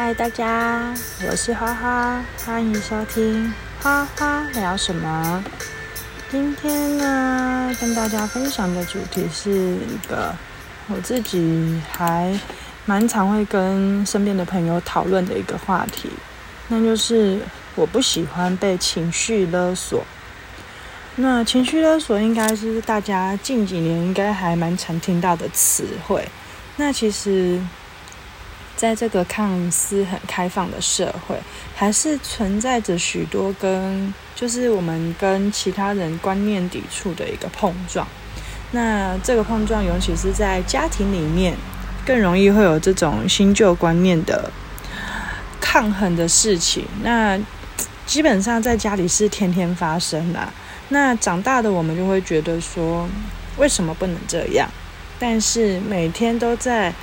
嗨，Hi，大家，我是花花，歡迎收聽花花聊什麼。今天呢，跟大家分享的主題是一個我自己還蠻常會跟身邊的朋友討論的一個話題，那就是我不喜歡被情緒勒索。那情緒勒索應該是大家近幾年應該還蠻常聽到的詞彙。那其實。在這個看似很開放的社會，還是存在着許多跟就是我們跟其他人觀念抵觸的一個碰撞。那這個碰撞，尤其是在家庭裡面，更容易會有這種新舊觀念的抗衡的事情。那基本上在家裡是天天發生啦。那長大的我們就會覺得說，為什麼不能這樣？但是每天都在。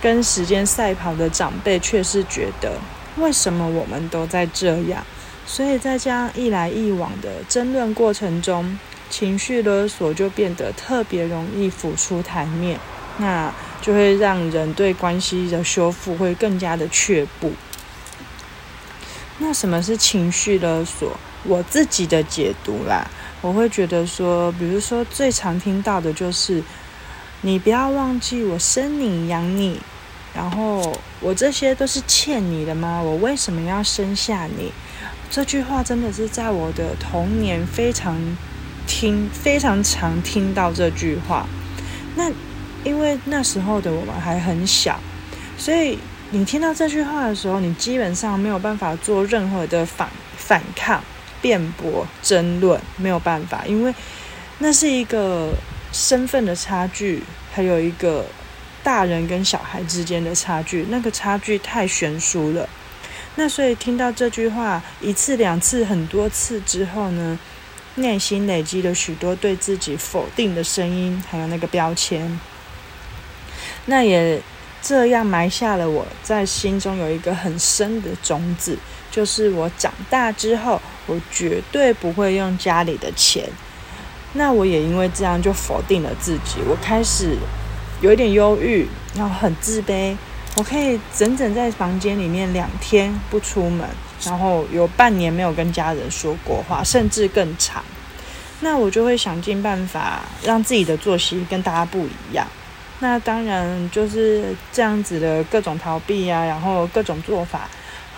跟時間賽跑的長輩卻是覺得，為什麼我們都在這樣？所以在這樣一來一往的爭論過程中，情緒勒索就變得特別容易浮出台面，那就會讓人對關係的修復會更加的卻步。那什麼是情緒勒索？我自己的解讀啦，我會覺得說，比如說最常聽到的就是。你不要忘記，我生你養你，然後我這些都是欠你的嗎？我為什麼要生下你？這句話真的是在我的童年非常聽，非常常聽到這句話。那因為那時候的我們還很小，所以你聽到這句話的時候，你基本上沒有辦法做任何的反、反抗、辯駁、爭論，沒有辦法，因為那是一個。身份的差距，還有一個大人跟小孩之間的差距，那個差距太懸殊了。那所以聽到這句話，一次、兩次、很多次之後呢，內心累積了許多對自己否定的聲音，還有那個標籤。那也這樣埋下了我在心中有一個很深的種子，就是我長大之後，我絕對不會用家裡的錢。那我也因為這樣就否定了自己，我開始有一點憂鬱，然後很自卑。我可以整整在房間裡面兩天不出門，然後有半年沒有跟家人說過話，甚至更長。那我就會想盡辦法讓自己的作息跟大家不一樣。那當然就是這樣子的各種逃避啊，然後各種做法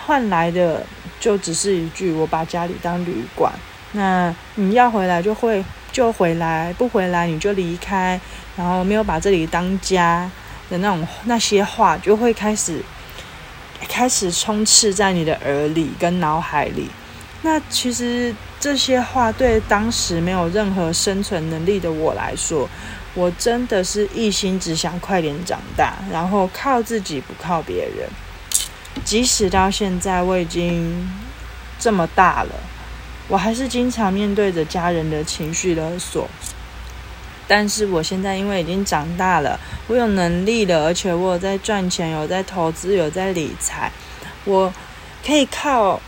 換來的就只是一句“我把家裡當旅館”，那你要回來就會。就回來，不回來你就離開，然後沒有把這裡當家的那種那些話，就會開始開始充斥在你的耳裡跟腦海裡。那其實這些話對當時沒有任何生存能力的我來說，我真的是一心只想快點長大，然後靠自己不靠別人。即使到現在我已經這麼大了。我還是經常面對着家人的情緒勒索，但是我現在因為已經長大了，我有能力了，而且我有在賺錢，有在投資，有在理財，我可以靠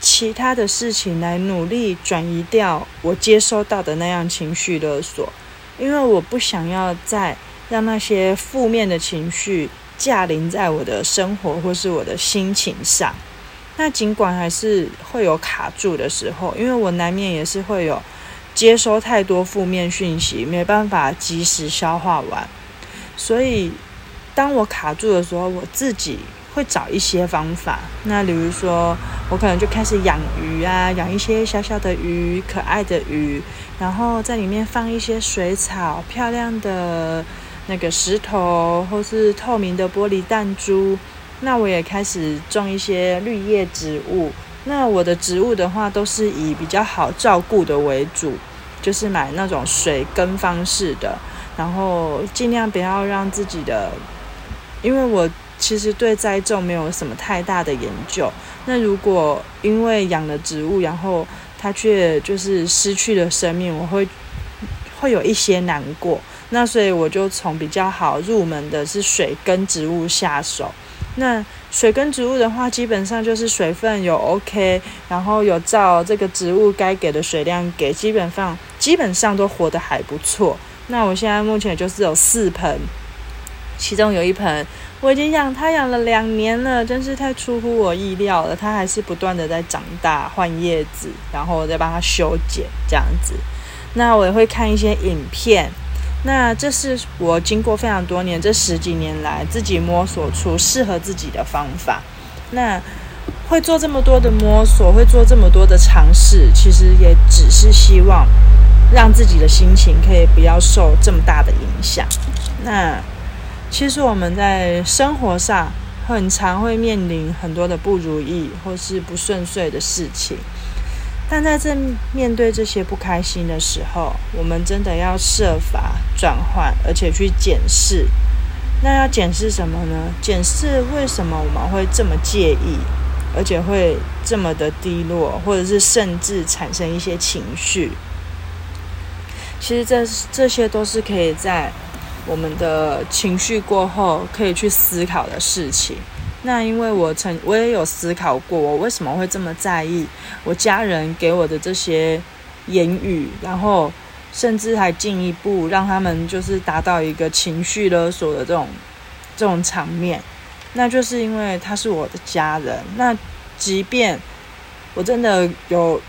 其他的事情來努力轉移掉我接收到的那樣情緒勒索，因為我不想要再讓那些負面的情緒降臨在我的生活或是我的心情上。那儘管還是會有卡住的時候，因為我難免也是會有接收太多負面訊息，沒辦法及時消化完。所以，當我卡住的時候，我自己會找一些方法。那比如說，我可能就開始養魚啊，養一些小小的魚、可愛的魚，然後在裡面放一些水草、漂亮的那個石頭，或是透明的玻璃彈珠。那我也開始種一些綠葉植物。那我的植物的話，都是以比較好照顧的為主，就是買那種水耕方式的，然後盡量不要讓自己的，因為我其實對栽種沒有什麼太大的研究。那如果因為養了植物，然後它卻就是失去了生命，我會會有一些難過。那所以我就從比較好入門的是水耕植物下手。那水跟植物的話，基本上就是水分有 OK，然後有照這個植物該給的水量給，基本上基本上都活得還不錯。那我現在目前就是有四盆，其中有一盆我已經養它養了兩年了，真是太出乎我意料了，它還是不斷的在長大、換葉子，然後我再幫它修剪這樣子。那我也會看一些影片。那這是我經過非常多年，這十幾年來自己摸索出適合自己的方法。那會做這麼多的摸索，會做這麼多的嘗試，其實也只是希望讓自己的心情可以不要受這麼大的影響。那其實我們在生活上很常會面臨很多的不如意或是不順遂的事情。但在這面對這些不開心的時候，我們真的要設法轉換，而且去檢視。那要檢視什麼呢？檢視為什麼我們會這麼介意，而且會這麼的低落，或者是甚至產生一些情緒。其實這這些都是可以在我們的情緒過後，可以去思考的事情。那因為我曾我也有思考過，我為什麼會這麼在意我家人給我的這些言語，然後甚至還進一步讓他們就是達到一個情緒勒索的這種這種場面，那就是因為他是我的家人。那即便我真的有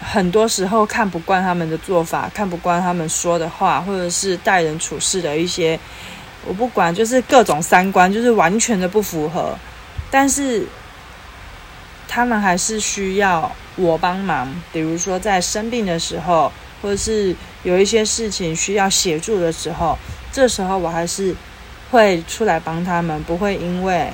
很多時候看不慣他們的做法，看不慣他們說的話，或者是待人處事的一些。我不管，就是各種三觀，就是完全的不符合，但是他們還是需要我幫忙。比如說在生病的時候，或者是有一些事情需要協助的時候，這時候我還是會出來幫他們，不會因為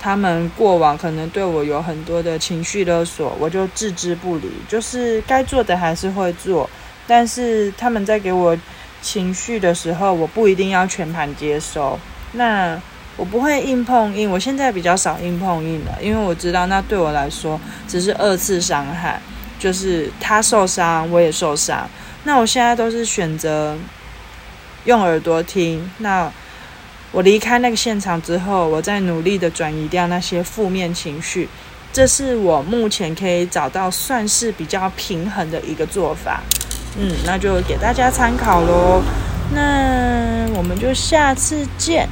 他們過往可能對我有很多的情緒勒索，我就置之不理。就是該做的還是會做，但是他們在給我。情緒的時候，我不一定要全盤接收。那我不會硬碰硬，我現在比較少硬碰硬了，因為我知道那對我來說只是二次傷害，就是他受傷，我也受傷。那我現在都是選擇用耳朵聽。那我離開那個現場之後，我再努力的轉移掉那些負面情緒。這是我目前可以找到算是比較平衡的一個做法。嗯，那就給大家參考嘍。那我們就下次見，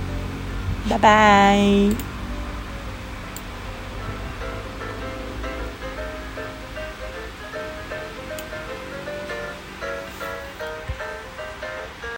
拜拜。